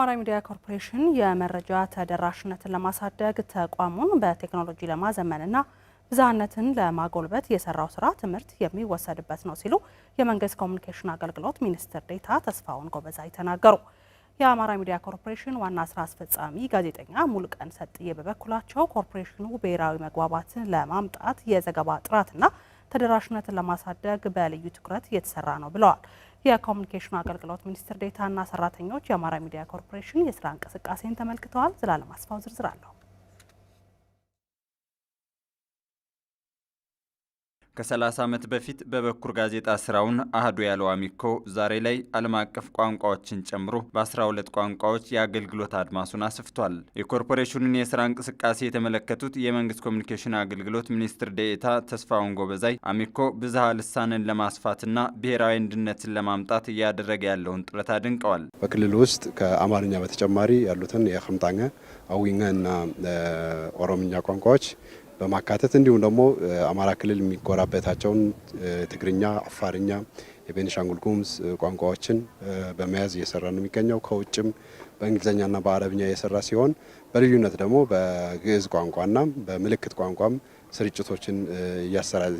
አማራ ሚዲያ ኮርፖሬሽን የመረጃ ተደራሽነትን ለማሳደግ ተቋሙን በቴክኖሎጂ ለማዘመንና ብዝሃነትን ለማጎልበት የሰራው ስራ ትምህርት የሚወሰድበት ነው ሲሉ የመንግስት ኮሚኒኬሽን አገልግሎት ሚኒስትር ዴታ ተስፋውን ጎበዛይ ተናገሩ። የአማራ ሚዲያ ኮርፖሬሽን ዋና ስራ አስፈጻሚ ጋዜጠኛ ሙሉቀን ሰጥዬ በበኩላቸው ኮርፖሬሽኑ ብሔራዊ መግባባትን ለማምጣት የዘገባ ጥራትና ተደራሽነትን ለማሳደግ በልዩ ትኩረት እየተሰራ ነው ብለዋል። የኮሚኒኬሽን አገልግሎት ሚኒስትር ዴታና ሰራተኞች የአማራ ሚዲያ ኮርፖሬሽን የስራ እንቅስቃሴን ተመልክተዋል። ዘላለም አስፋው ዝርዝር አለሁ ከ30 ዓመት በፊት በበኩር ጋዜጣ ስራውን አህዱ ያለው አሚኮ ዛሬ ላይ ዓለም አቀፍ ቋንቋዎችን ጨምሮ በ12 ቋንቋዎች የአገልግሎት አድማሱን አስፍቷል። የኮርፖሬሽኑን የስራ እንቅስቃሴ የተመለከቱት የመንግስት ኮሚኒኬሽን አገልግሎት ሚኒስትር ዴኤታ ተስፋውን ጎበዛይ አሚኮ ብዝሃ ልሳንን ለማስፋትና ብሔራዊ አንድነትን ለማምጣት እያደረገ ያለውን ጥረት አድንቀዋል። በክልል ውስጥ ከአማርኛ በተጨማሪ ያሉትን የከምጣኛ አዊኛ እና ኦሮምኛ ቋንቋዎች በማካተት እንዲሁም ደግሞ አማራ ክልል የሚጎራበታቸውን ትግርኛ፣ አፋርኛ፣ የቤኒሻንጉል ጉሙዝ ቋንቋዎችን በመያዝ እየሰራ ነው የሚገኘው። ከውጭም በእንግሊዝኛና በአረብኛ እየሰራ ሲሆን በልዩነት ደግሞ በግዕዝ ቋንቋና በምልክት ቋንቋም ስርጭቶችን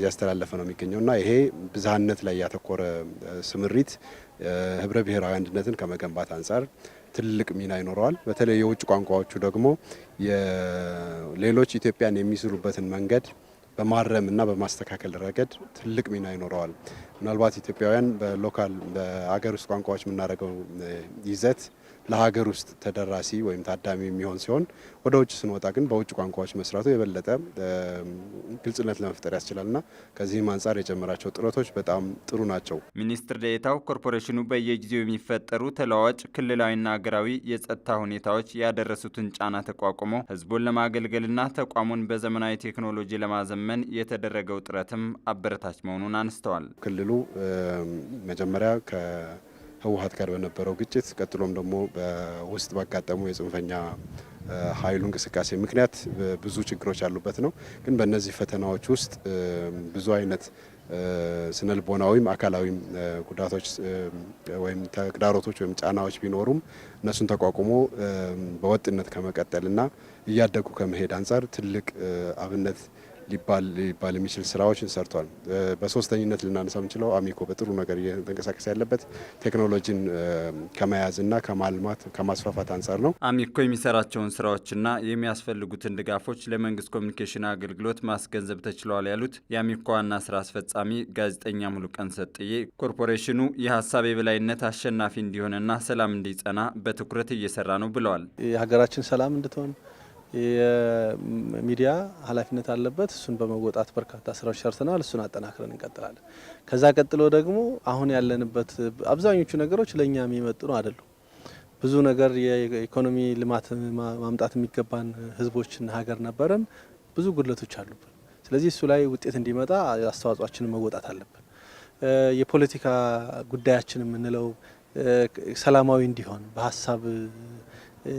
እያስተላለፈ ነው የሚገኘው እና ይሄ ብዝሃነት ላይ ያተኮረ ስምሪት ህብረ ብሔራዊ አንድነትን ከመገንባት አንጻር ትልቅ ሚና ይኖረዋል። በተለይ የውጭ ቋንቋዎቹ ደግሞ ሌሎች ኢትዮጵያን የሚስሉበትን መንገድ በማረም እና በማስተካከል ረገድ ትልቅ ሚና ይኖረዋል። ምናልባት ኢትዮጵያውያን በሎካል በሀገር ውስጥ ቋንቋዎች የምናደርገው ይዘት ለሀገር ውስጥ ተደራሲ ወይም ታዳሚ የሚሆን ሲሆን ወደ ውጭ ስንወጣ ግን በውጭ ቋንቋዎች መስራቱ የበለጠ ግልጽነት ለመፍጠር ያስችላልና ከዚህም አንጻር የጀመራቸው ጥረቶች በጣም ጥሩ ናቸው። ሚኒስትር ዴኤታው ኮርፖሬሽኑ በየጊዜው የሚፈጠሩ ተለዋዋጭ ክልላዊና ሀገራዊ የጸጥታ ሁኔታዎች ያደረሱትን ጫና ተቋቁሞ ህዝቡን ለማገልገልና ተቋሙን በዘመናዊ ቴክኖሎጂ ለማዘመን ለማዘመን የተደረገው ጥረትም አበረታች መሆኑን አንስተዋል። ክልሉ መጀመሪያ ከህወሀት ጋር በነበረው ግጭት ቀጥሎም ደግሞ በውስጥ ባጋጠሙ የጽንፈኛ ኃይሉ እንቅስቃሴ ምክንያት ብዙ ችግሮች ያሉበት ነው። ግን በእነዚህ ፈተናዎች ውስጥ ብዙ አይነት ስነልቦናዊም አካላዊም ጉዳቶች ወይም ተግዳሮቶች ወይም ጫናዎች ቢኖሩም እነሱን ተቋቁሞ በወጥነት ከመቀጠልና እያደጉ ከመሄድ አንጻር ትልቅ አብነት ሊባል የሚችል ስራዎችን ሰርቷል። በሶስተኝነት ልናነሳ የምንችለው አሚኮ በጥሩ ነገር እየተንቀሳቀሰ ያለበት ቴክኖሎጂን ከመያዝና ከማልማት ከማስፋፋት አንጻር ነው። አሚኮ የሚሰራቸውን ስራዎችና የሚያስፈልጉትን ድጋፎች ለመንግስት ኮሚኒኬሽን አገልግሎት ማስገንዘብ ተችለዋል ያሉት የአሚኮ ዋና ስራ አስፈጻሚ ጋዜጠኛ ሙሉቀን ሰጥዬ ኮርፖሬሽኑ የሀሳብ የበላይነት አሸናፊ እንዲሆንና ሰላም እንዲጸና በትኩረት እየሰራ ነው ብለዋል። የሀገራችን ሰላም እንድትሆን የሚዲያ ኃላፊነት አለበት። እሱን በመወጣት በርካታ ስራዎች ሰርተናል። እሱን አጠናክረን እንቀጥላለን። ከዛ ቀጥሎ ደግሞ አሁን ያለንበት አብዛኞቹ ነገሮች ለእኛ የሚመጥኑ አይደሉም። ብዙ ነገር የኢኮኖሚ ልማት ማምጣት የሚገባን ህዝቦችና ሀገር ነበረን። ብዙ ጉድለቶች አሉብን። ስለዚህ እሱ ላይ ውጤት እንዲመጣ አስተዋጽኦችንን መወጣት አለብን። የፖለቲካ ጉዳያችን የምንለው ሰላማዊ እንዲሆን በሀሳብ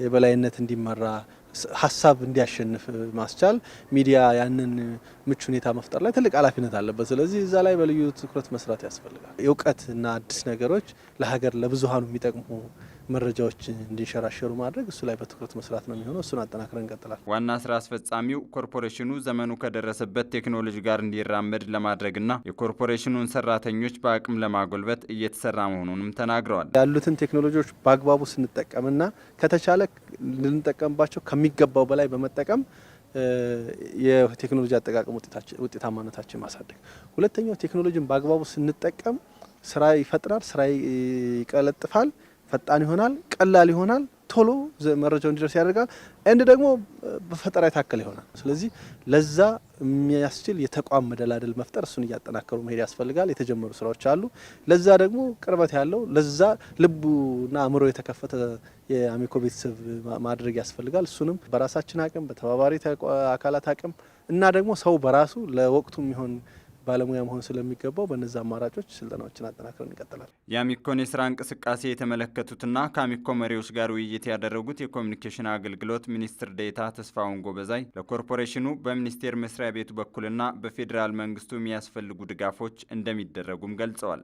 የበላይነት እንዲመራ ሀሳብ እንዲያሸንፍ ማስቻል ሚዲያ ያንን ምቹ ሁኔታ መፍጠር ላይ ትልቅ ኃላፊነት አለበት። ስለዚህ እዛ ላይ በልዩ ትኩረት መስራት ያስፈልጋል። እውቀትና አዲስ ነገሮች ለሀገር ለብዙሀኑ የሚጠቅሙ መረጃዎች እንዲንሸራሸሩ ማድረግ እሱ ላይ በትኩረት መስራት ነው የሚሆነው። እሱን አጠናክረን እንቀጥላለን። ዋና ስራ አስፈጻሚው ኮርፖሬሽኑ ዘመኑ ከደረሰበት ቴክኖሎጂ ጋር እንዲራመድ ለማድረግና የኮርፖሬሽኑን ሰራተኞች በአቅም ለማጎልበት እየተሰራ መሆኑንም ተናግረዋል። ያሉትን ቴክኖሎጂዎች በአግባቡ ስንጠቀምና ከተቻለ ልንጠቀምባቸው ከሚገባው በላይ በመጠቀም የቴክኖሎጂ አጠቃቀም ውጤታማነታችን ማሳደግ። ሁለተኛው ቴክኖሎጂን በአግባቡ ስንጠቀም ስራ ይፈጥራል፣ ስራ ይቀለጥፋል፣ ፈጣን ይሆናል፣ ቀላል ይሆናል። ቶሎ መረጃው እንዲደርስ ያደርጋል። እንድ ደግሞ በፈጠራ የታከል ይሆናል። ስለዚህ ለዛ የሚያስችል የተቋም መደላደል መፍጠር፣ እሱን እያጠናከሩ መሄድ ያስፈልጋል። የተጀመሩ ስራዎች አሉ። ለዛ ደግሞ ቅርበት ያለው ለዛ ልቡና አእምሮ የተከፈተ የአሚኮ ቤተሰብ ማድረግ ያስፈልጋል። እሱንም በራሳችን አቅም በተባባሪ አካላት አቅም እና ደግሞ ሰው በራሱ ለወቅቱ የሚሆን ባለሙያ መሆን ስለሚገባው በነዚ አማራጮች ስልጠናዎችን አጠናክረን ይቀጥላል። የአሚኮን የስራ እንቅስቃሴ የተመለከቱትና ከአሚኮ መሪዎች ጋር ውይይት ያደረጉት የኮሚኒኬሽን አገልግሎት ሚኒስትር ዴታ ተስፋውን ጎበዛይ ለኮርፖሬሽኑ በሚኒስቴር መስሪያ ቤቱ በኩልና በፌዴራል መንግስቱ የሚያስፈልጉ ድጋፎች እንደሚደረጉም ገልጸዋል።